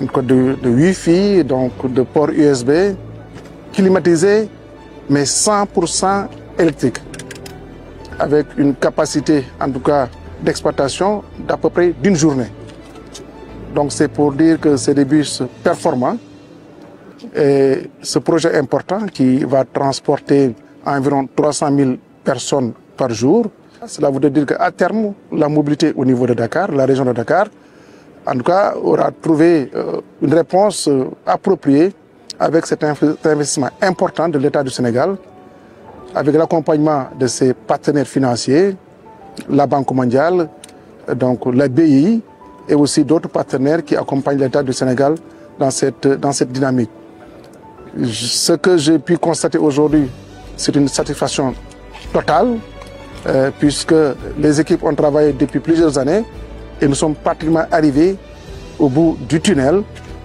de, de Wi-Fi, donc de port USB, climatisé, mais 100% électrique, avec une capacité, en tout cas, d'exploitation d'à peu près d'une journée. Donc c'est pour dire que c'est des bus performants. Et ce projet important qui va transporter environ 300 000 personnes par jour, cela voudrait dire qu'à terme, la mobilité au niveau de Dakar, la région de Dakar, en tout cas, aura trouvé euh, une réponse euh, appropriée avec cet investissement important de l'État du Sénégal, avec l'accompagnement de ses partenaires financiers, la Banque mondiale, euh, donc la BI et aussi d'autres partenaires qui accompagnent l'État du Sénégal dans cette, dans cette dynamique. Ce que j'ai pu constater aujourd'hui, c'est une satisfaction totale, puisque les équipes ont travaillé depuis plusieurs années et nous sommes pratiquement arrivés au bout du tunnel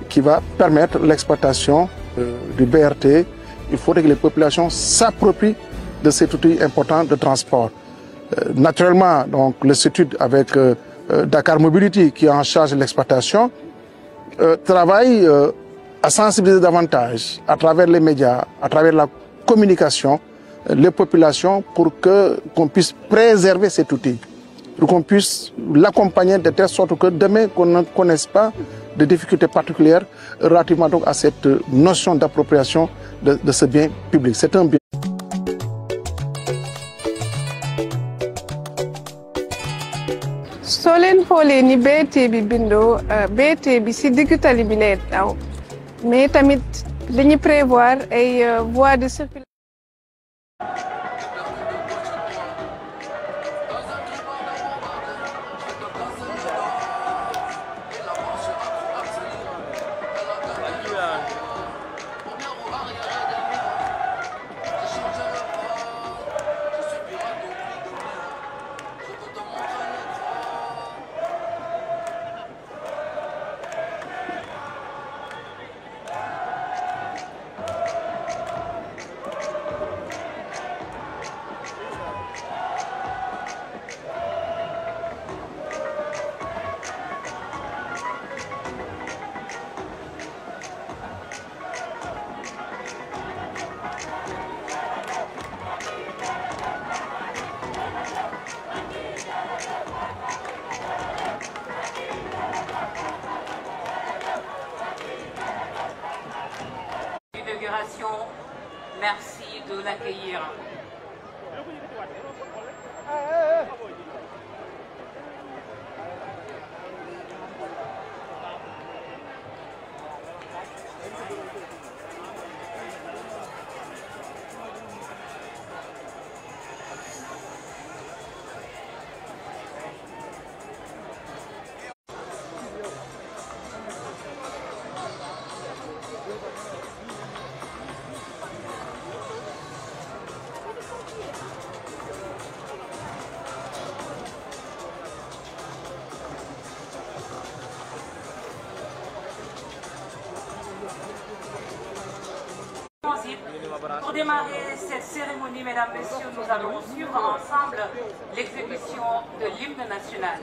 qui va permettre l'exploitation euh, du BRT. Il faudrait que les populations s'approprient de cet outil important de transport. Euh, naturellement, donc, le avec euh, Dakar Mobility qui est en charge de l'exploitation travaille à sensibiliser davantage à travers les médias, à travers la communication, les populations pour que qu'on puisse préserver cet outil pour qu'on puisse l'accompagner de telle sorte que demain qu'on ne connaisse pas de difficultés particulières relativement à cette notion d'appropriation de, ce bien public. C'est un bien. ni euh, mais tamit prévoir et euh, voir de circulation Merci de l'accueillir. nous allons suivre ensemble l'exécution de l'hymne national.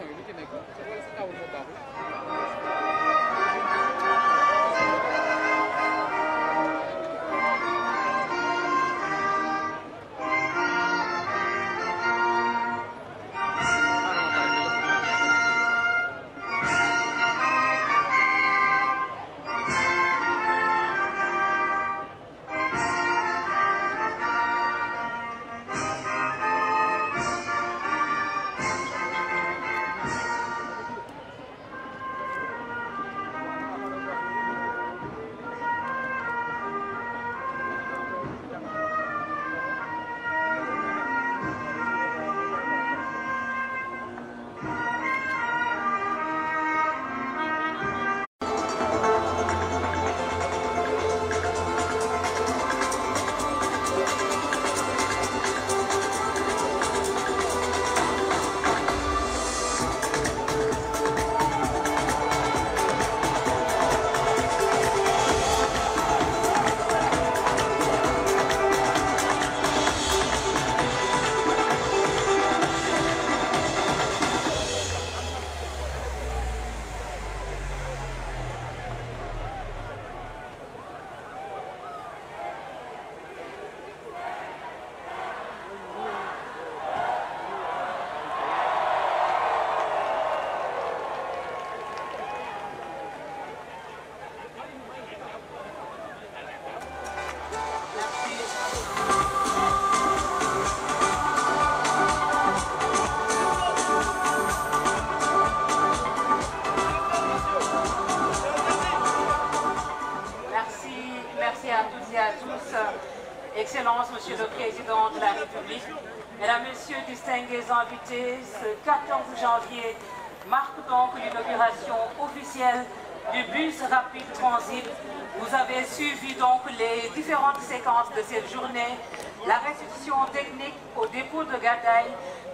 Monsieur le Président de la République, Mesdames, Messieurs, distingués invités, ce 14 janvier marque donc l'inauguration officielle du bus rapide transit. Vous avez suivi donc les différentes séquences de cette journée, la restitution technique au dépôt de Gadaï,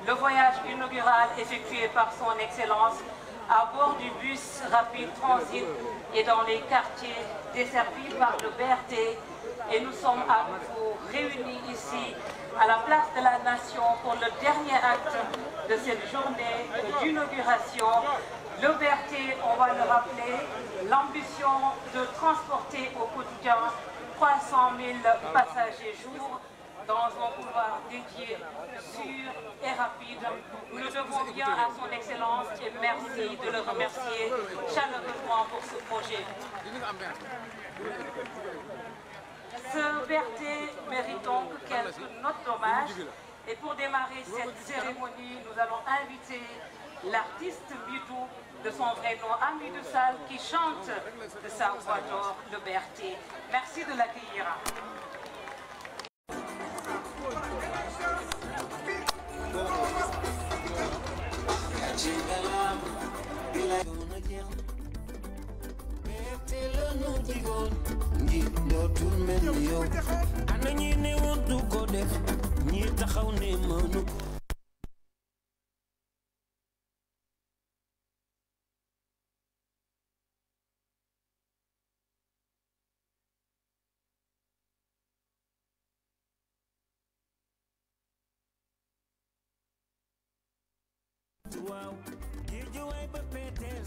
le voyage inaugural effectué par son Excellence à bord du bus rapide transit et dans les quartiers desservis par le BRT et nous sommes à vous réunis ici à la place de la Nation pour le dernier acte de cette journée d'inauguration. L'oberté, on va le rappeler, l'ambition de transporter au quotidien 300 000 passagers jour dans un pouvoir dédié, sûr et rapide. Nous devons bien à son excellence et merci de le remercier chaleureusement pour ce projet. Ce mérite donc quelques notre hommage. Et pour démarrer cette cérémonie, nous allons inviter l'artiste Bidou, de son vrai nom, Ami de Salle, qui chante de sa d'or le Berthier. Merci de l'accueillir. daanu digoon njiit dootul mel ni yow ana ñi ne ko def ñi taxaw ne mënu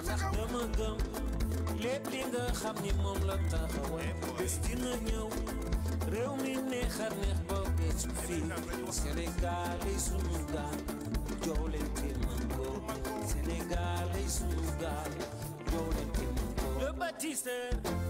ndax dama gëm lépp li nga xam ni moom la taxawal bés dina ñëw réew mi neexar neex ba weesu fii Sénégal sunu gaal jox leen te mën sunu gaal jox leen te mën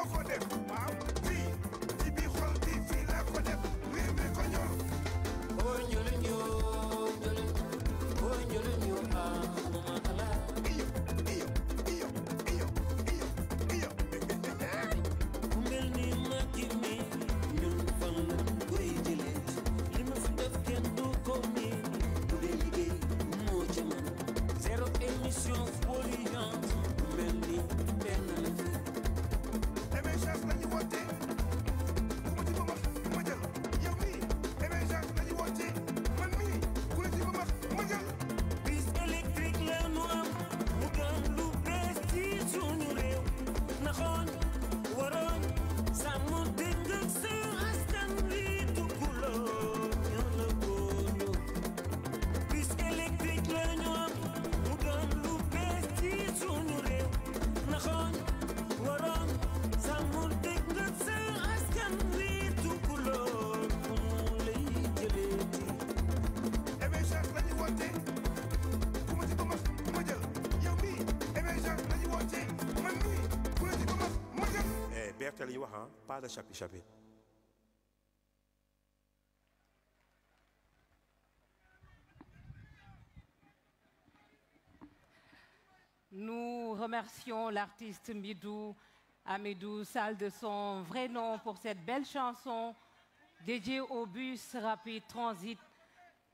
come for them. Hein. Nous remercions l'artiste Midou Amidou Salle de son vrai nom pour cette belle chanson dédiée au bus rapide transit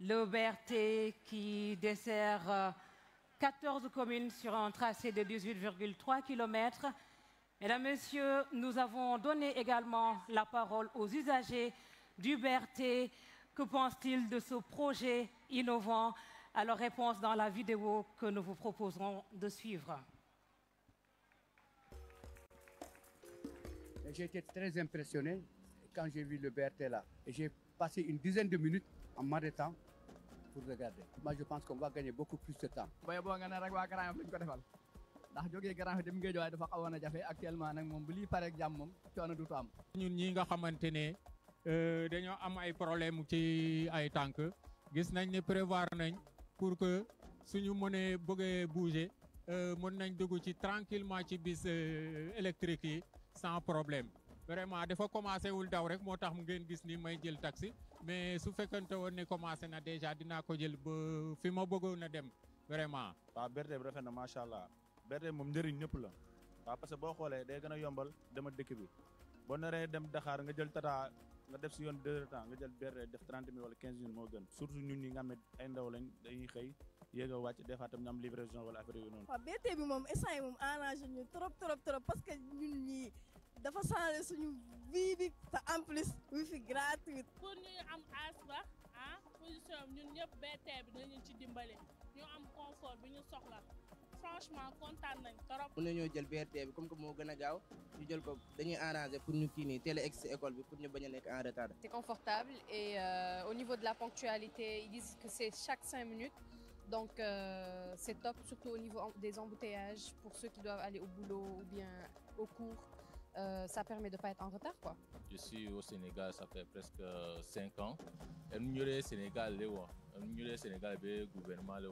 Liberté qui dessert 14 euh, communes sur un tracé de 18,3 km. Mesdames, Messieurs, nous avons donné également la parole aux usagers du BRT. Que pensent-ils de ce projet innovant Alors, réponse dans la vidéo que nous vous proposerons de suivre. J'ai été très impressionné quand j'ai vu le BRT là. J'ai passé une dizaine de minutes en m'arrêtant pour regarder. Moi, je pense qu'on va gagner beaucoup plus de temps. ndax jógee Grand Yoff dem Guédiawaye dafa xawoon a jafe actuellement nag moom bu lii paree ak jàmm moom coono du am. ñun ñi nga xamante ne euh, dañoo am ay problème ci ay tànk gis nañ ne prévoir nañ pour que suñu mënee bëggee bouger euh, mën nañ dugg ci tranquillement ci bis euh, électrique yi sans problème. vraiment dafa commencé wul daw rek moo tax mu ngéen gis nii may jël taxi mais su fekkente woon ne commencé na déjà dinaa ko jël ba fi ma bëggoon a dem vraiment. waaw berte bi rafet na macha allah. BRT moom njëriñ ñëpp la waaw parce que boo xoolee day gën a yombal dama dëkk bi boo naree dem daxaar nga jël tata nga def si yoon deux heures temps nga jël BRT def trente mille wala quinze mille moo gën surtout ñun ñi nga xam ne ay ndaw lañ dañuy xëy yéeg a wàcc des fois am livraison wala affaire yu noonu. waaw BRT bi moom instant yi moom arrangé ñu trop trop trop parce que ñun ñii dafa changé ñu am as ba ah position ñun ñëpp BRT bi nañu ci dimbale ñu am confort bi ñu soxla. franchement kontaan nañ trop. mën nañoo jël BRT bi comme que moo gën a gaaw ñu jël ko dañuy arranger pour ñu kii nii teel école bi pour ñu bañ a nekk en retard. c'est confortable et euh, au niveau de la ponctualité ils disent que c'est chaque 5 minutes. Donc euh, c'est top, surtout au niveau des embouteillages, pour ceux qui doivent aller au boulot ou bien au cours. Euh, ça permet de ne pas être en retard. Quoi. Je suis au Sénégal, ça fait presque 5 ans. Et nous, Sénégal, au Sénégal, le gouvernement, le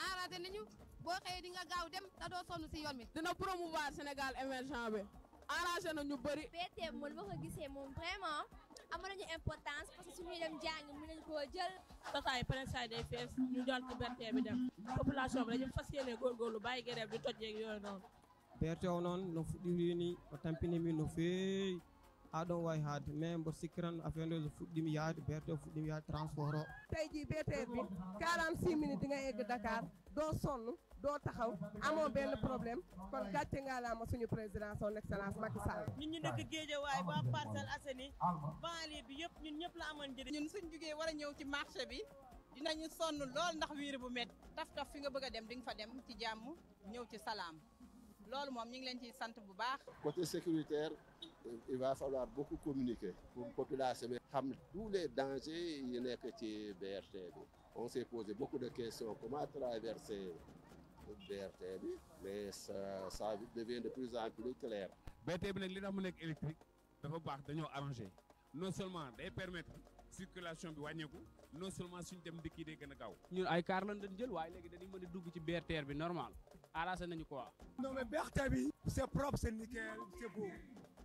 arrangé nañu boo xëyee di gaaw dem te doo sonn si yoon bi. dina promouvoir Sénégal émergent bi arrangé na ñu bëri. BT moom boo ko gisee moom vraiment amoon nañu importance parce que suñuy dem jàng mën nañu koo jël. tasaay pare saay day fees ñu jël ci BRT bi dem population bi dañu fas yéene góorgóorlu bàyyi grève di toj yeeg yooyu noonu. BRT noon no fuɗɗiri ni no feewi aɗon wawi haade mais mboɗo sikki tan affaire nde fuɗɗimi yaade berte o fuɗɗimi yaade transport o tawi ji beeteɗe ɗi 46 minutes ɗi gay taxaw amoo benn problème kon gàcce nga laama suñu président son excellence Macky Sall ñun ñu dëkk Guédiawaye ba Parcelles Assainies banlieue bi yëpp ñun ñëpp la amoon njëriñ ñun suñ jugee war a ñëw ci marché bi dinañu sonn lool ndax wiiri bu métti taf-taf fi nga bëgg a dem di nga fa dem ci jàmm ñëw ci salaam loolu moom ñu ngi leen sant bu baax côté sécuritaire il va falloir beaucoup communiquer pour population tous les dangers y nekk ci BRT on s'est posé beaucoup de questions comment traverser BRT mais ça ça devient de plus en plus clair. BRT bi nag li mu électrique dafa non seulement permettre permettre circulation de wàññeeku non seulement si nous des a gaaw. ñun ay kaar lañ dañ jël waaye dugg BRT normal Alors nañu quoi. non mais BRT c'est propre c'est nickel c'est beau.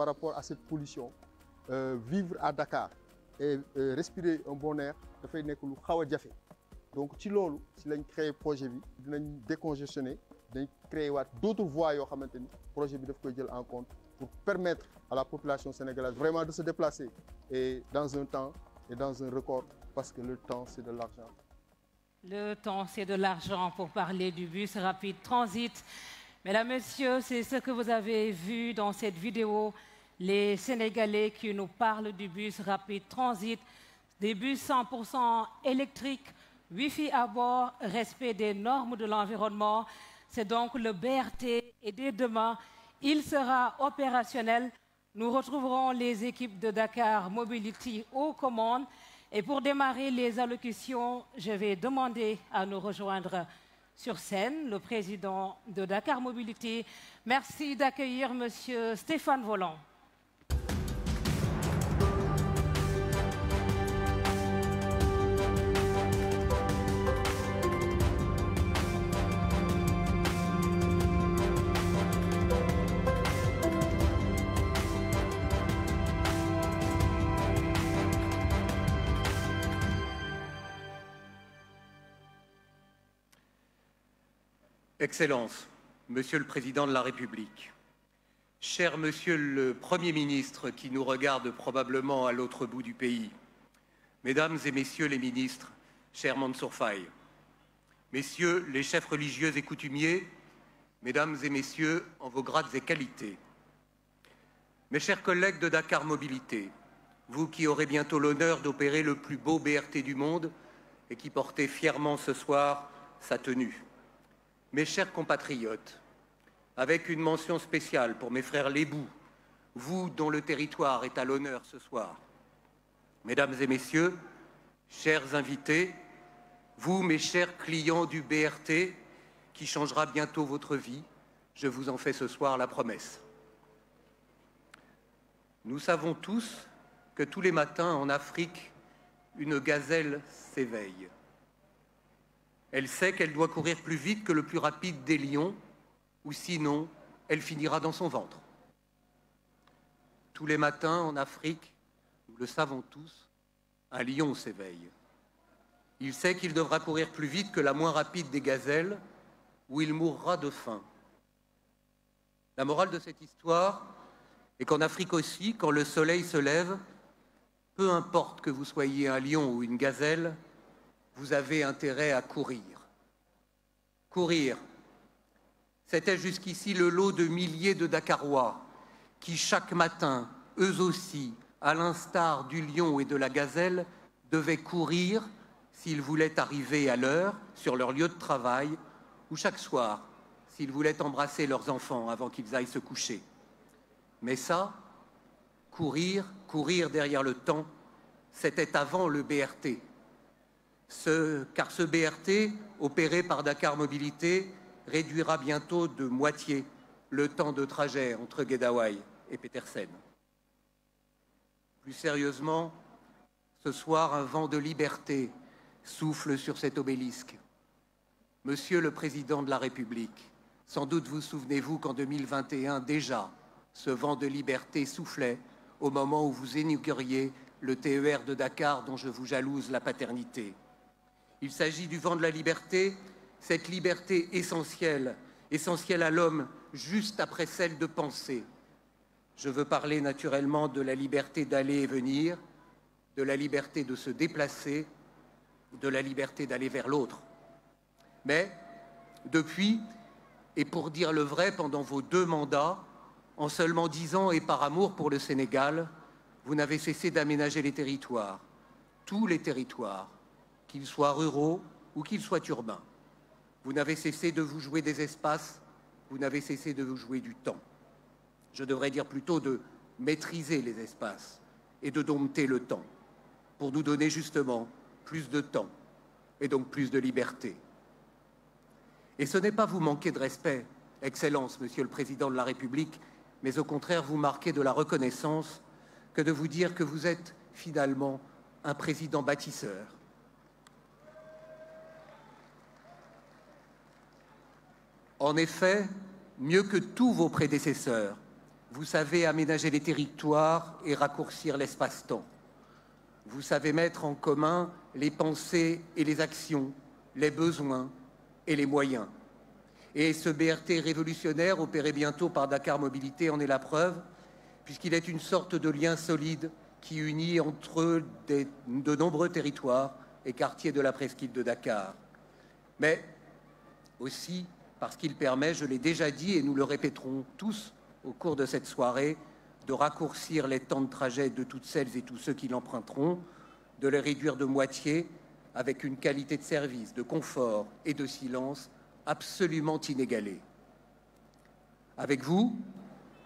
par rapport à cette pollution euh, vivre à Dakar et euh, respirer un bon air c'est une lu nous a fait. donc ci loolu si lañ créer projet bi dinañ décongestionner dañ créer d'autres voies yoo maintenir projet de daf koy en compte pour permettre à la population sénégalaise vraiment de se déplacer et dans un temps et dans un record parce que le temps c'est de l'argent. Le temps c'est de l'argent pour parler du bus rapide transit. Mesdames, Messieurs, c'est ce que vous avez vu dans cette vidéo les Sénégalais qui nous parlent du bus rapide transit, des bus 100% électriques, Wi-Fi à bord, respect des normes de l'environnement. C'est donc le BRT et dès demain, il sera opérationnel. Nous retrouverons les équipes de Dakar Mobility aux commandes. Et pour démarrer les allocutions, je vais demander à nous rejoindre sur scène le président de Dakar Mobility. Merci d'accueillir Monsieur Stéphane Volant. Excellences, Monsieur le Président de la République, cher Monsieur le Premier ministre qui nous regarde probablement à l'autre bout du pays, Mesdames et Messieurs les ministres, chers Mansour Faye, Messieurs les chefs religieux et coutumiers, Mesdames et Messieurs, en vos grades et qualités, mes chers collègues de Dakar Mobilité, vous qui aurez bientôt l'honneur d'opérer le plus beau BRT du monde et qui portez fièrement ce soir sa tenue. Mes chers compatriotes, avec une mention spéciale pour mes frères Lébou, vous dont le territoire est à l'honneur ce soir, mesdames et messieurs, chers invités, vous, mes chers clients du BRT, qui changera bientôt votre vie, je vous en fais ce soir la promesse. Nous savons tous que tous les matins en Afrique, une gazelle s'éveille. Elle sait qu'elle doit courir plus vite que le plus rapide des lions, ou sinon, elle finira dans son ventre. Tous les matins en Afrique, nous le savons tous, un lion s'éveille. Il sait qu'il devra courir plus vite que la moins rapide des gazelles, ou il mourra de faim. La morale de cette histoire est qu'en Afrique aussi, quand le soleil se lève, peu importe que vous soyez un lion ou une gazelle, vous avez intérêt à courir. Courir, c'était jusqu'ici le lot de milliers de Dakarois qui, chaque matin, eux aussi, à l'instar du lion et de la gazelle, devaient courir s'ils voulaient arriver à l'heure sur leur lieu de travail ou chaque soir s'ils voulaient embrasser leurs enfants avant qu'ils aillent se coucher. Mais ça, courir, courir derrière le temps, c'était avant le BRT, car ce BRT, opéré par Dakar Mobilité, réduira bientôt de moitié le temps de trajet entre Gedawai et Petersen. Plus sérieusement, ce soir, un vent de liberté souffle sur cet obélisque. Monsieur le Président de la République, sans doute vous souvenez-vous qu'en 2021 déjà, ce vent de liberté soufflait au moment où vous inauguriez le TER de Dakar dont je vous jalouse la paternité. Il s'agit du vent de la liberté, cette liberté essentielle, essentielle à l'homme, juste après celle de penser. Je veux parler naturellement de la liberté d'aller et venir, de la liberté de se déplacer, de la liberté d'aller vers l'autre. Mais, depuis, et pour dire le vrai, pendant vos deux mandats, en seulement dix ans et par amour pour le Sénégal, vous n'avez cessé d'aménager les territoires, tous les territoires, qu'ils soient ruraux ou qu'ils soient urbains. Vous n'avez cessé de vous jouer des espaces, vous n'avez cessé de vous jouer du temps. Je devrais dire plutôt de maîtriser les espaces et de dompter le temps, pour nous donner justement plus de temps et donc plus de liberté. Et ce n'est pas vous manquer de respect, Excellence, Monsieur le Président de la République, mais au contraire vous marquer de la reconnaissance que de vous dire que vous êtes finalement un président bâtisseur, En effet, mieux que tous vos prédécesseurs, vous savez aménager les territoires et raccourcir l'espace-temps. Vous savez mettre en commun les pensées et les actions, les besoins et les moyens. Et ce BRT révolutionnaire, opéré bientôt par Dakar Mobilité, en est la preuve, puisqu'il est une sorte de lien solide qui unit entre de nombreux territoires et quartiers de la presqu'île de Dakar. Mais aussi, parce qu'il permet, je l'ai déjà dit et nous le répéterons tous au cours de cette soirée, de raccourcir les temps de trajet de toutes celles et tous ceux qui l'emprunteront, de les réduire de moitié avec une qualité de service, de confort et de silence absolument inégalée. Avec vous,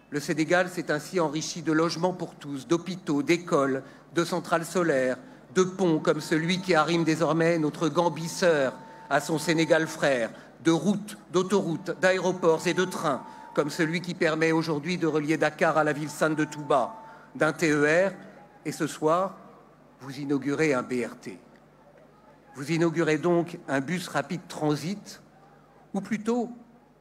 le Sénégal s'est ainsi enrichi de logements pour tous, d'hôpitaux, d'écoles, de centrales solaires, de ponts comme celui qui arrime désormais notre gambisseur à son Sénégal frère, de routes, d'autoroutes, d'aéroports et de trains, comme celui qui permet aujourd'hui de relier Dakar à la ville sainte de Touba, d'un TER, et ce soir, vous inaugurez un BRT. Vous inaugurez donc un bus rapide transit, ou plutôt,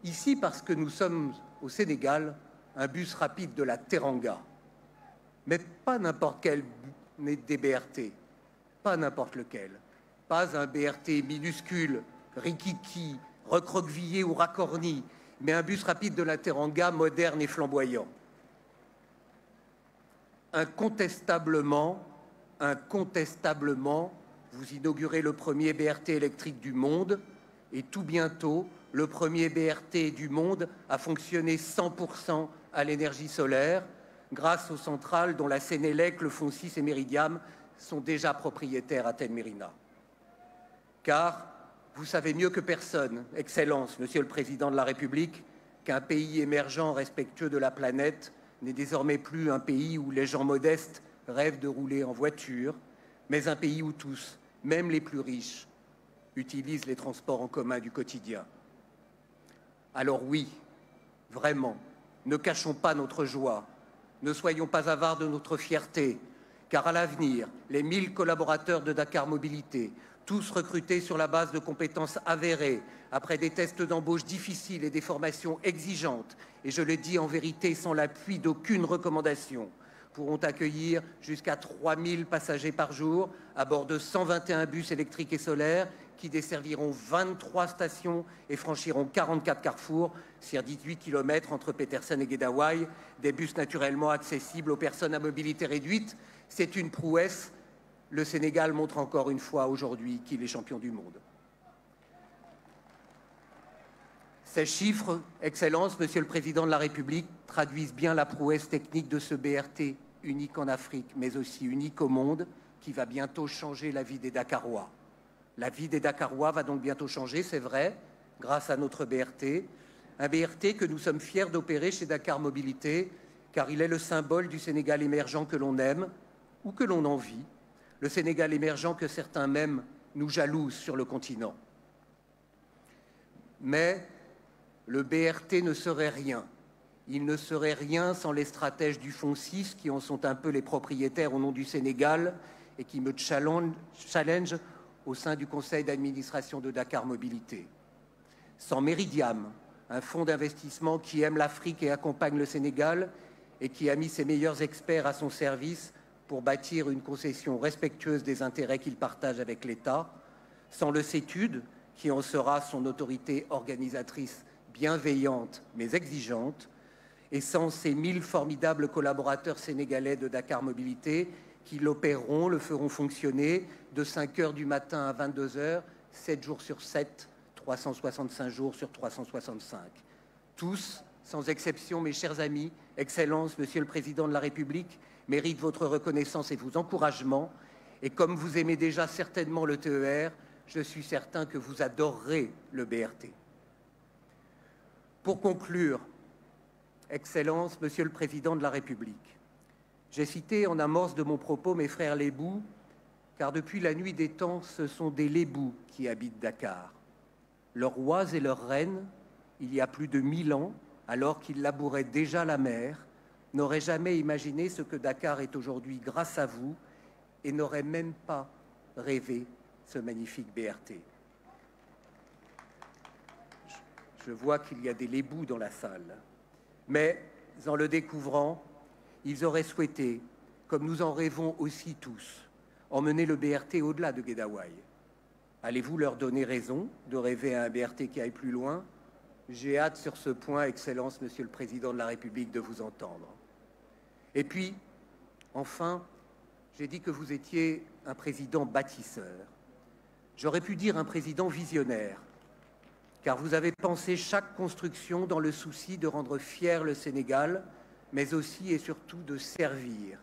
ici parce que nous sommes au Sénégal, un bus rapide de la Teranga. Mais pas n'importe quel des BRT, pas n'importe lequel, pas un BRT minuscule, rikiki, recroquevillé ou racorni, mais un bus rapide de la Teranga moderne et flamboyant. Incontestablement, incontestablement, vous inaugurez le premier BRT électrique du monde et tout bientôt, le premier BRT du monde a fonctionné 100% à l'énergie solaire grâce aux centrales dont la Sénélec, le Foncis et Meridiam sont déjà propriétaires à Telmerina. Car vous savez mieux que personne, Excellence, Monsieur le Président de la République, qu'un pays émergent respectueux de la planète n'est désormais plus un pays où les gens modestes rêvent de rouler en voiture, mais un pays où tous, même les plus riches, utilisent les transports en commun du quotidien. Alors oui, vraiment, ne cachons pas notre joie, ne soyons pas avares de notre fierté, car à l'avenir, les mille collaborateurs de Dakar Mobilité tous recrutés sur la base de compétences avérées, après des tests d'embauche difficiles et des formations exigeantes, et je le dis en vérité sans l'appui d'aucune recommandation, pourront accueillir jusqu'à 3000 passagers par jour à bord de 121 bus électriques et solaires qui desserviront 23 stations et franchiront 44 carrefours sur 18 km entre Petersen et Gedawai, des bus naturellement accessibles aux personnes à mobilité réduite. C'est une prouesse le Sénégal montre encore une fois aujourd'hui qu'il est champion du monde. Ces chiffres, Excellence, Monsieur le Président de la République, traduisent bien la prouesse technique de ce BRT, unique en Afrique, mais aussi unique au monde, qui va bientôt changer la vie des Dakarois. La vie des Dakarois va donc bientôt changer, c'est vrai, grâce à notre BRT. Un BRT que nous sommes fiers d'opérer chez Dakar Mobilité, car il est le symbole du Sénégal émergent que l'on aime ou que l'on envie, le Sénégal émergent que certains même nous jalousent sur le continent. Mais le BRT ne serait rien. Il ne serait rien sans les stratèges du Fonds 6 qui en sont un peu les propriétaires au nom du Sénégal et qui me challenge, au sein du conseil d'administration de Dakar Mobilité. Sans Meridiam, un fonds d'investissement qui aime l'Afrique et accompagne le Sénégal et qui a mis ses meilleurs experts à son service pour bâtir une concession respectueuse des intérêts qu'il partage avec l'État, sans le CETUD, qui en sera son autorité organisatrice bienveillante mais exigeante, et sans ces mille formidables collaborateurs sénégalais de Dakar Mobilité qui l'opéreront, le feront fonctionner de 5 heures du matin à 22 heures, 7 jours sur 7, 365 jours sur 365. Tous, sans exception, mes chers amis, Excellences, Monsieur le Président de la République, mérite votre reconnaissance et vos encouragements. Et comme vous aimez déjà certainement le TER, je suis certain que vous adorerez le BRT. Pour conclure, Excellence, Monsieur le Président de la République, j'ai cité en amorce de mon propos mes frères les car depuis la nuit des temps, ce sont des Lébous qui habitent Dakar. Leurs rois et leurs reines, il y a plus de mille ans, alors qu'ils labouraient déjà la mer, n'auraient jamais imaginé ce que Dakar est aujourd'hui grâce à vous et n'aurait même pas rêvé ce magnifique BRT. Je vois qu'il y a des lébous dans la salle. Mais en le découvrant, ils auraient souhaité, comme nous en rêvons aussi tous, emmener le BRT au-delà de Gedawai. Allez-vous leur donner raison de rêver à un BRT qui aille plus loin J'ai hâte sur ce point, Excellence, Monsieur le Président de la République, de vous entendre. Et puis, enfin, j'ai dit que vous étiez un président bâtisseur. J'aurais pu dire un président visionnaire, car vous avez pensé chaque construction dans le souci de rendre fier le Sénégal, mais aussi et surtout de servir,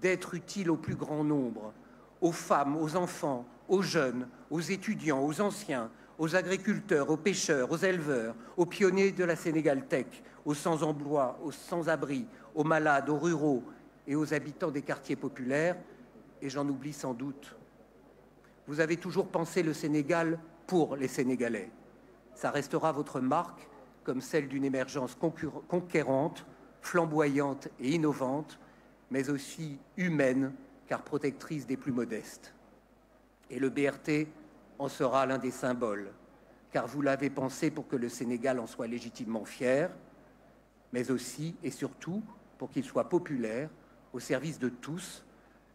d'être utile au plus grand nombre, aux femmes, aux enfants, aux jeunes, aux étudiants, aux anciens, aux agriculteurs, aux pêcheurs, aux éleveurs, aux pionniers de la Sénégal Tech, aux sans-emploi, aux sans-abri, aux malades, aux ruraux et aux habitants des quartiers populaires, et j'en oublie sans doute. Vous avez toujours pensé le Sénégal pour les Sénégalais. Ça restera votre marque comme celle d'une émergence conquérante, flamboyante et innovante, mais aussi humaine, car protectrice des plus modestes. Et le BRT en sera l'un des symboles, car vous l'avez pensé pour que le Sénégal en soit légitimement fier, mais aussi et surtout pour qu'il soit populaire, au service de tous.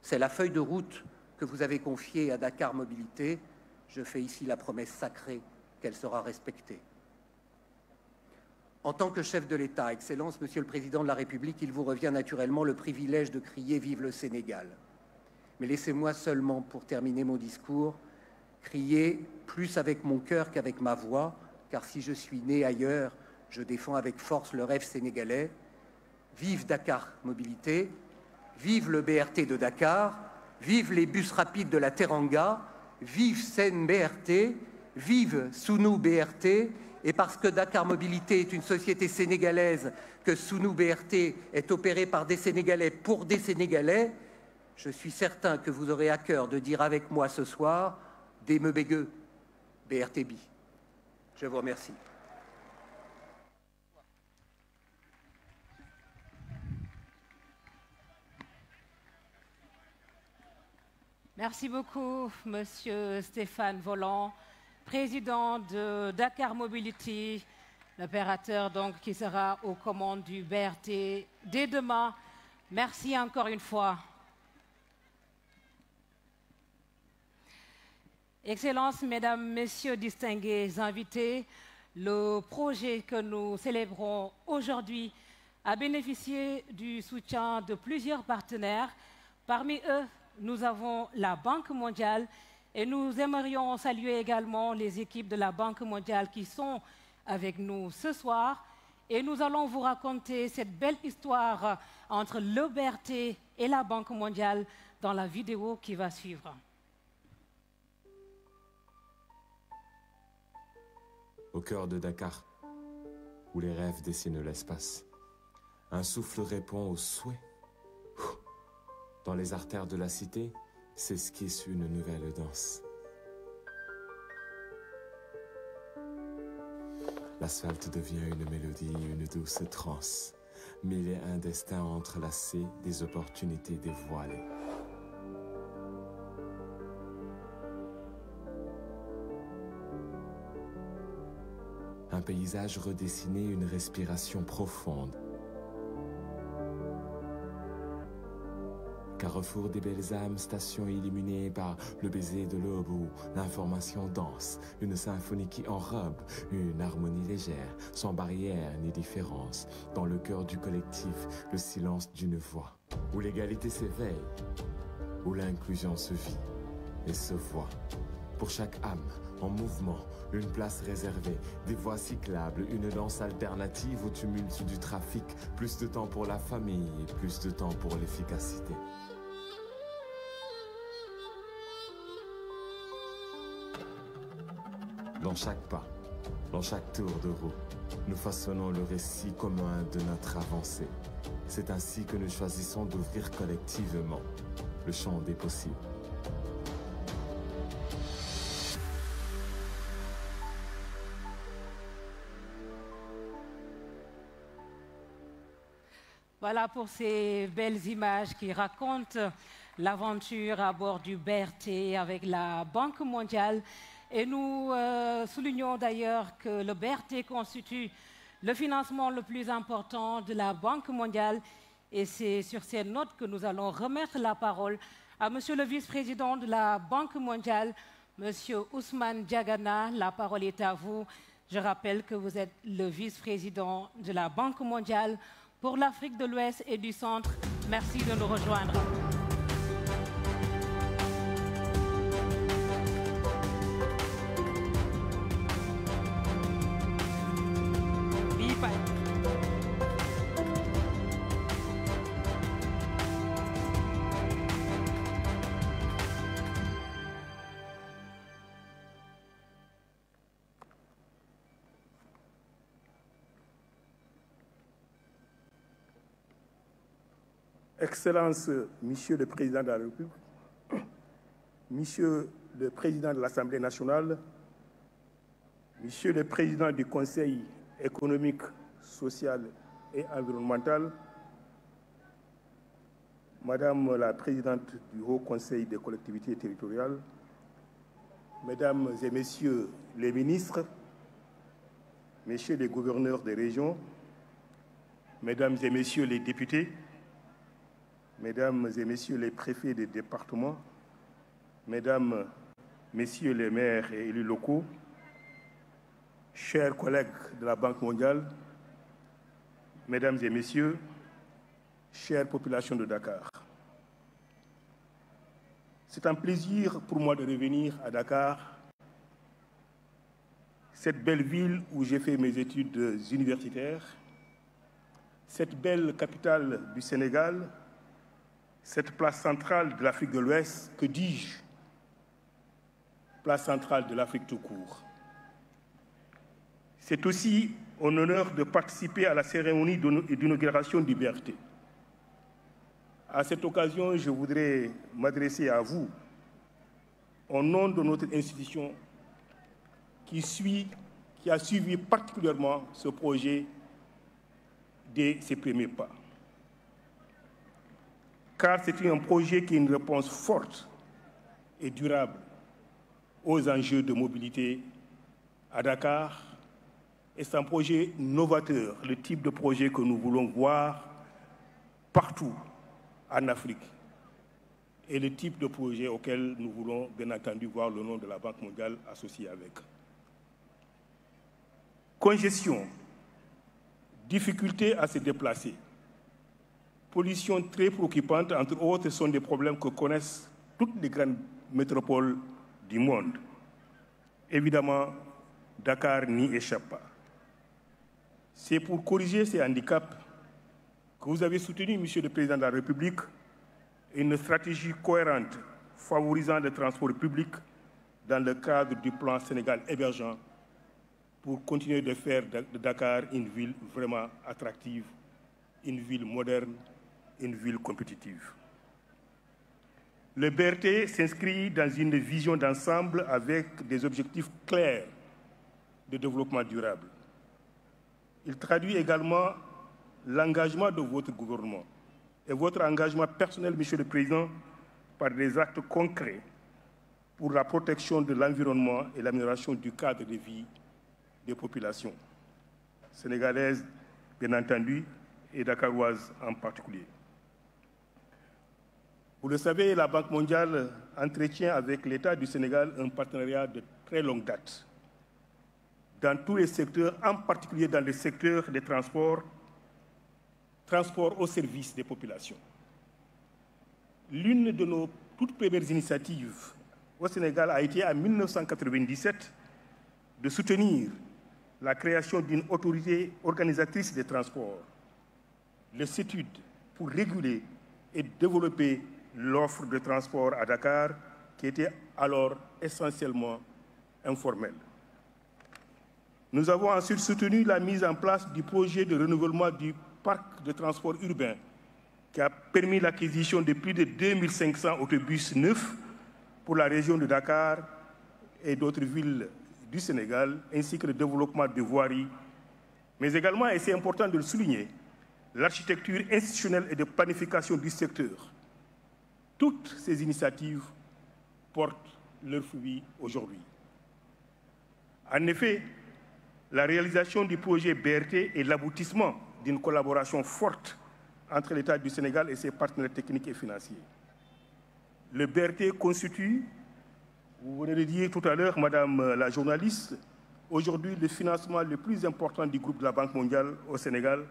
C'est la feuille de route que vous avez confiée à Dakar Mobilité. Je fais ici la promesse sacrée qu'elle sera respectée. En tant que chef de l'État, Excellence, Monsieur le Président de la République, il vous revient naturellement le privilège de crier Vive le Sénégal. Mais laissez-moi seulement, pour terminer mon discours, crier plus avec mon cœur qu'avec ma voix, car si je suis né ailleurs, je défends avec force le rêve sénégalais. Vive Dakar Mobilité, vive le BRT de Dakar, vive les bus rapides de la Teranga, vive Sen BRT, vive Sounou BRT, et parce que Dakar Mobilité est une société sénégalaise, que Sounou BRT est opérée par des Sénégalais pour des Sénégalais, je suis certain que vous aurez à cœur de dire avec moi ce soir des BRTB. Je vous remercie. Merci beaucoup, Monsieur Stéphane Volant, président de Dakar Mobility, l'opérateur donc qui sera aux commandes du BRT dès demain. Merci encore une fois. Excellences, Mesdames, Messieurs, distingués invités, le projet que nous célébrons aujourd'hui a bénéficié du soutien de plusieurs partenaires. Parmi eux, nous avons la Banque mondiale et nous aimerions saluer également les équipes de la Banque mondiale qui sont avec nous ce soir. Et nous allons vous raconter cette belle histoire entre l'Oberté et la Banque mondiale dans la vidéo qui va suivre. au cœur de Dakar, où les rêves dessinent l'espace. Un souffle répond au souhait. Dans les artères de la cité, s'esquisse une nouvelle danse. L'asphalte devient une mélodie, une douce transe. Mille et un destin entrelacés, des opportunités dévoilées. paysage redessiné une respiration profonde. Carrefour des belles âmes, station illuminée par le baiser de l'aube où l'information danse, une symphonie qui enrobe, une harmonie légère, sans barrière ni différence, dans le cœur du collectif, le silence d'une voix, où l'égalité s'éveille, où l'inclusion se vit et se voit, pour chaque âme, en mouvement, une place réservée, des voies cyclables, une danse alternative au tumulte du trafic, plus de temps pour la famille plus de temps pour l'efficacité. Dans chaque pas, dans chaque tour de roue, nous façonnons le récit commun de notre avancée. C'est ainsi que nous choisissons d'ouvrir collectivement le champ des possibles. pour ces belles images qui racontent l'aventure à bord du BRT avec la Banque mondiale. Et nous euh, soulignons d'ailleurs que le BRT constitue le financement le plus important de la Banque mondiale. Et c'est sur ces notes que nous allons remettre la parole à Monsieur le vice-président de la Banque mondiale, Monsieur Ousmane Diagana. La parole est à vous. Je rappelle que vous êtes le vice-président de la Banque mondiale pour l'Afrique de l'Ouest et du Centre. Merci de nous rejoindre. Excellences, Monsieur le Président de la République, Monsieur le Président de l'Assemblée nationale, Monsieur le Président du Conseil économique, social et environnemental, Madame la Présidente du Haut Conseil des collectivités territoriales, Mesdames et Messieurs les ministres, Messieurs les gouverneurs des régions, Mesdames et Messieurs les députés, Mesdames et Messieurs les préfets des départements, Mesdames, Messieurs les maires et élus locaux, chers collègues de la Banque mondiale, Mesdames et Messieurs, chère population de Dakar. C'est un plaisir pour moi de revenir à Dakar, cette belle ville où j'ai fait mes études universitaires, cette belle capitale du Sénégal, cette place centrale de l'Afrique de l'Ouest, que dis-je Place centrale de l'Afrique tout court. C'est aussi un honneur de participer à la cérémonie d'inauguration de liberté. À cette occasion, je voudrais m'adresser à vous au nom de notre institution qui, suit, qui a suivi particulièrement ce projet dès ses premiers pas car c'est un projet qui est une réponse forte et durable aux enjeux de mobilité à Dakar. Et c'est un projet novateur, le type de projet que nous voulons voir partout en Afrique et le type de projet auquel nous voulons bien entendu voir le nom de la Banque mondiale associé avec. Congestion, difficulté à se déplacer, pollution très préoccupante, entre autres, sont des problèmes que connaissent toutes les grandes métropoles du monde. Évidemment, Dakar n'y échappe pas. C'est pour corriger ces handicaps que vous avez soutenu, Monsieur le Président de la République, une stratégie cohérente favorisant le transport public dans le cadre du plan Sénégal émergent pour continuer de faire de Dakar une ville vraiment attractive, une ville moderne une ville compétitive. Le BRT s'inscrit dans une vision d'ensemble avec des objectifs clairs de développement durable. Il traduit également l'engagement de votre gouvernement et votre engagement personnel, Monsieur le Président, par des actes concrets pour la protection de l'environnement et l'amélioration du cadre de vie des populations sénégalaises, bien entendu, et dakaroises en particulier. Vous le savez, la Banque mondiale entretient avec l'État du Sénégal un partenariat de très longue date dans tous les secteurs, en particulier dans le secteur des transports, transports au service des populations. L'une de nos toutes premières initiatives au Sénégal a été en 1997 de soutenir la création d'une autorité organisatrice des transports, le CETUD, pour réguler et développer l'offre de transport à Dakar, qui était alors essentiellement informelle. Nous avons ensuite soutenu la mise en place du projet de renouvellement du parc de transport urbain, qui a permis l'acquisition de plus de 2500 autobus neufs pour la région de Dakar et d'autres villes du Sénégal, ainsi que le développement de voiries. Mais également, et c'est important de le souligner, l'architecture institutionnelle et de planification du secteur, toutes ces initiatives portent leurs fruits aujourd'hui. En effet, la réalisation du projet BRT est l'aboutissement d'une collaboration forte entre l'État du Sénégal et ses partenaires techniques et financiers. Le BRT constitue, vous venez de tout à l'heure, Madame la journaliste, aujourd'hui le financement le plus important du groupe de la Banque mondiale au Sénégal,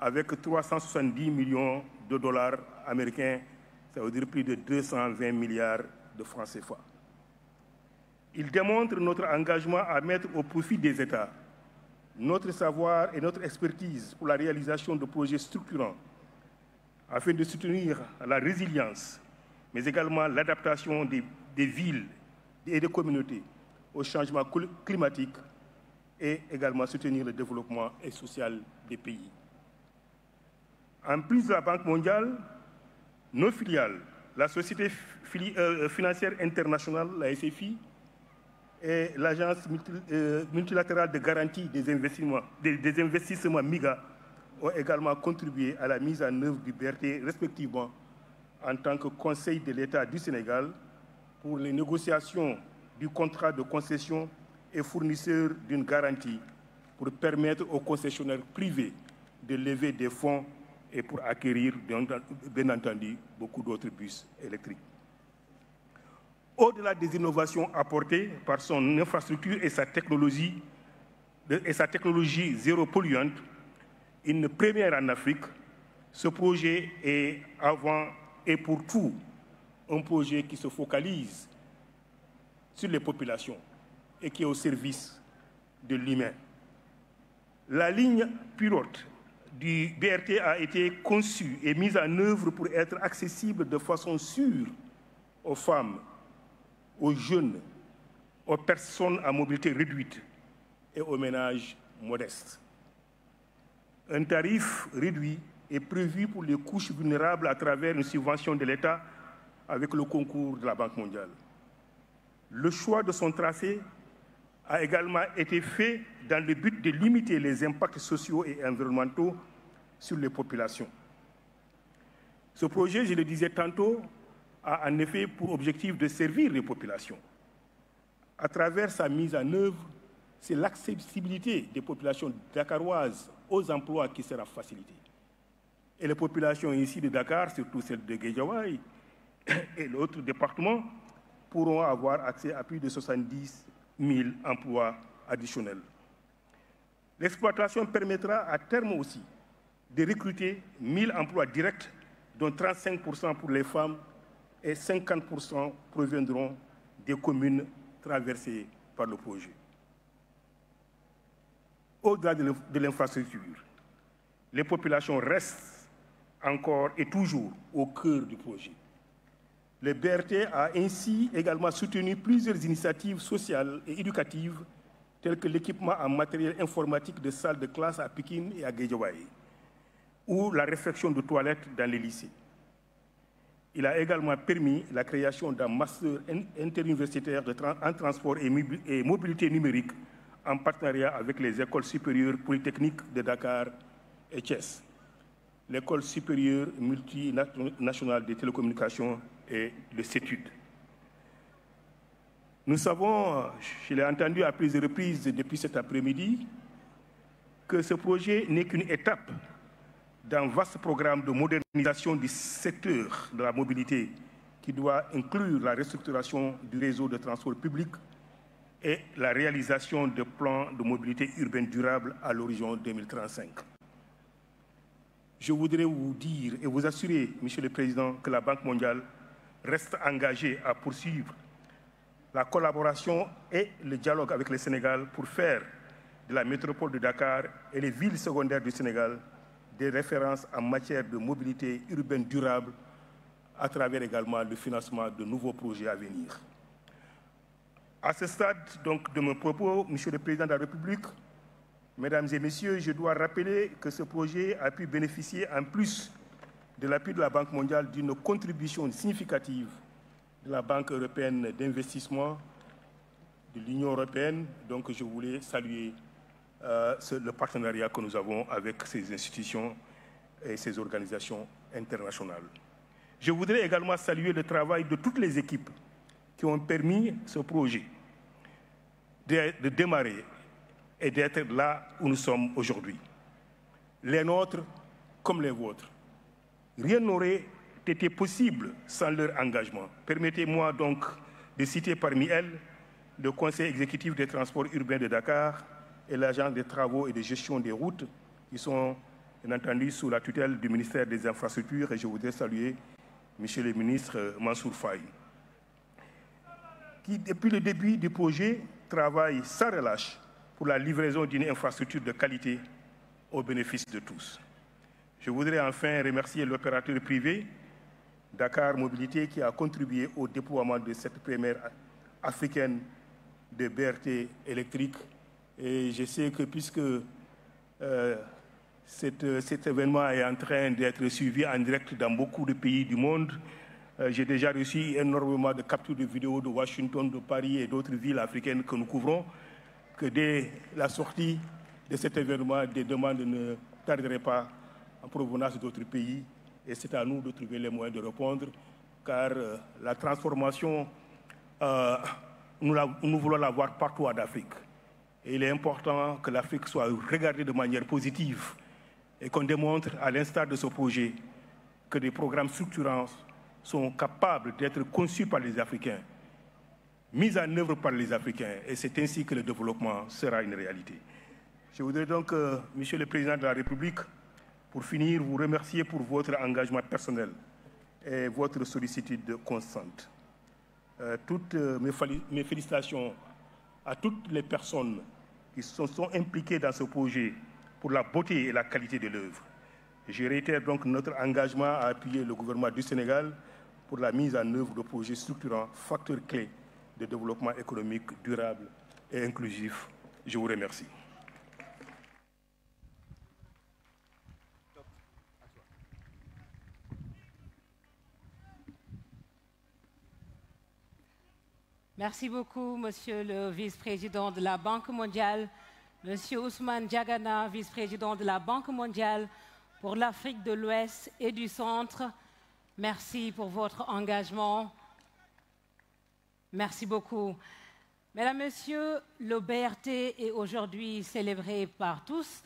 avec 370 millions de dollars américains ça veut dire plus de 220 milliards de francs CFA. Il démontre notre engagement à mettre au profit des États notre savoir et notre expertise pour la réalisation de projets structurants afin de soutenir la résilience, mais également l'adaptation des, villes et des communautés au changement climatique et également soutenir le développement et social des pays. En plus de la Banque mondiale, nos filiales, la Société euh, financière internationale, la SFI, et l'Agence euh, multilatérale de garantie des investissements, MIGA ont également contribué à la mise en œuvre du BRT respectivement en tant que Conseil de l'État du Sénégal pour les négociations du contrat de concession et fournisseur d'une garantie pour permettre aux concessionnaires privés de lever des fonds et pour acquérir, bien entendu, beaucoup d'autres bus électriques. Au-delà des innovations apportées par son infrastructure et sa technologie, et sa technologie zéro polluante, une première en Afrique, ce projet est avant et pour tout un projet qui se focalise sur les populations et qui est au service de l'humain. La ligne pilote du BRT a été conçu et mis en œuvre pour être accessible de façon sûre aux femmes, aux jeunes, aux personnes à mobilité réduite et aux ménages modestes. Un tarif réduit est prévu pour les couches vulnérables à travers une subvention de l'État avec le concours de la Banque mondiale. Le choix de son tracé a également été fait dans le but de limiter les impacts sociaux et environnementaux sur les populations. Ce projet, je le disais tantôt, a en effet pour objectif de servir les populations. À travers sa mise en œuvre, c'est l'accessibilité des populations dakaroises aux emplois qui sera facilitée. Et les populations ici de Dakar, surtout celles de Guéjawaï et l'autre département, pourront avoir accès à plus de 70 000 emplois additionnels. L'exploitation permettra à terme aussi de recruter 1 emplois directs, dont 35 pour les femmes et 50 proviendront des communes traversées par le projet. Au-delà de l'infrastructure, les populations restent encore et toujours au cœur du projet. Le BRT a ainsi également soutenu plusieurs initiatives sociales et éducatives telles que l'équipement en matériel informatique de salles de classe à Pékin et à Guédiawaye, ou la réfection de toilettes dans les lycées. Il a également permis la création d'un master interuniversitaire en transport et, mobilité numérique en partenariat avec les écoles supérieures polytechniques de Dakar et Thiès, l'école supérieure multinationale des télécommunications et le CETUD. Nous savons, je l'ai entendu à plusieurs reprises depuis cet après-midi, que ce projet n'est qu'une étape d'un vaste programme de modernisation du secteur de la mobilité qui doit inclure la restructuration du réseau de transport public et la réalisation de plans de mobilité urbaine durable à l'horizon 2035. Je voudrais vous dire et vous assurer, Monsieur le Président, que la Banque mondiale reste engagé à poursuivre la collaboration et le dialogue avec le Sénégal pour faire de la métropole de Dakar et les villes secondaires du Sénégal des références en matière de mobilité urbaine durable à travers également le financement de nouveaux projets à venir. À ce stade donc, de mon propos, Monsieur le Président de la République, Mesdames et Messieurs, je dois rappeler que ce projet a pu bénéficier en plus de l'appui de la Banque mondiale d'une contribution significative de la Banque européenne d'investissement, de l'Union européenne. Donc je voulais saluer euh, le partenariat que nous avons avec ces institutions et ces organisations internationales. Je voudrais également saluer le travail de toutes les équipes qui ont permis ce projet de démarrer et d'être là où nous sommes aujourd'hui. Les nôtres comme les vôtres Rien n'aurait été possible sans leur engagement. Permettez-moi donc de citer parmi elles le Conseil exécutif des transports urbains de Dakar et l'Agence des travaux et de gestion des routes, qui sont bien entendu sous la tutelle du ministère des Infrastructures. Et je voudrais saluer Monsieur le ministre Mansour Faye, qui depuis le début du projet travaille sans relâche pour la livraison d'une infrastructure de qualité au bénéfice de tous. Je voudrais enfin remercier l'opérateur privé Dakar Mobilité qui a contribué au déploiement de cette première africaine de BRT électrique. Et je sais que puisque euh, cet, événement est en train d'être suivi en direct dans beaucoup de pays du monde, euh, j'ai déjà reçu énormément de captures de vidéos de Washington, de Paris et d'autres villes africaines que nous couvrons, que dès la sortie de cet événement, des demandes ne tarderaient pas en provenance d'autres pays et c'est à nous de trouver les moyens de répondre car euh, la transformation, euh, nous, nous, voulons la voir partout en Afrique. Et il est important que l'Afrique soit regardée de manière positive et qu'on démontre, à l'instar de ce projet, que des programmes structurants sont capables d'être conçus par les Africains, mis en œuvre par les Africains, et c'est ainsi que le développement sera une réalité. Je voudrais donc, euh, Monsieur le Président de la République, pour finir, vous remercier pour votre engagement personnel et votre sollicitude constante. Euh, toutes euh, mes, félicitations à toutes les personnes qui se sont, impliquées dans ce projet pour la beauté et la qualité de l'œuvre. Je réitère donc notre engagement à appuyer le gouvernement du Sénégal pour la mise en œuvre de projets structurants, facteurs clés de développement économique durable et inclusif. Je vous remercie. Merci beaucoup, Monsieur le Vice-président de la Banque mondiale, Monsieur Ousmane Diagana, Vice-président de la Banque mondiale pour l'Afrique de l'Ouest et du Centre. Merci pour votre engagement. Merci beaucoup. Mesdames, Messieurs, le BRT est aujourd'hui célébré par tous.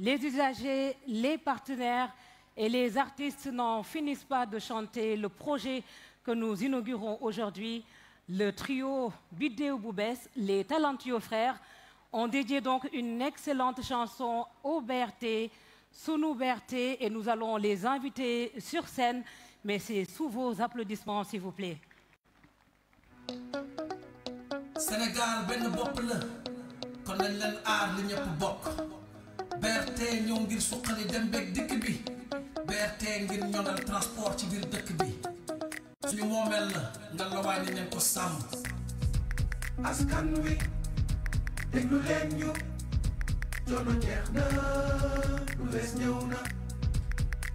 Les usagers, les partenaires et les artistes n'en finissent pas de chanter le projet que nous inaugurons aujourd'hui le trio Bidéo Boubès, les talentueux frères, ont dédié donc une excellente chanson au Berté, Sounou Berté, et nous allons les inviter sur scène, mais c'est sous vos applaudissements, s'il vous plaît. Sénégal transport bi moomeel la nga la waa ni ko sàmm askan wi déglu leen ñu coono jeex na lu bees ñëw na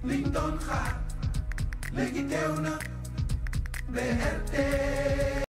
liñ doon xaar léegi teew na BRT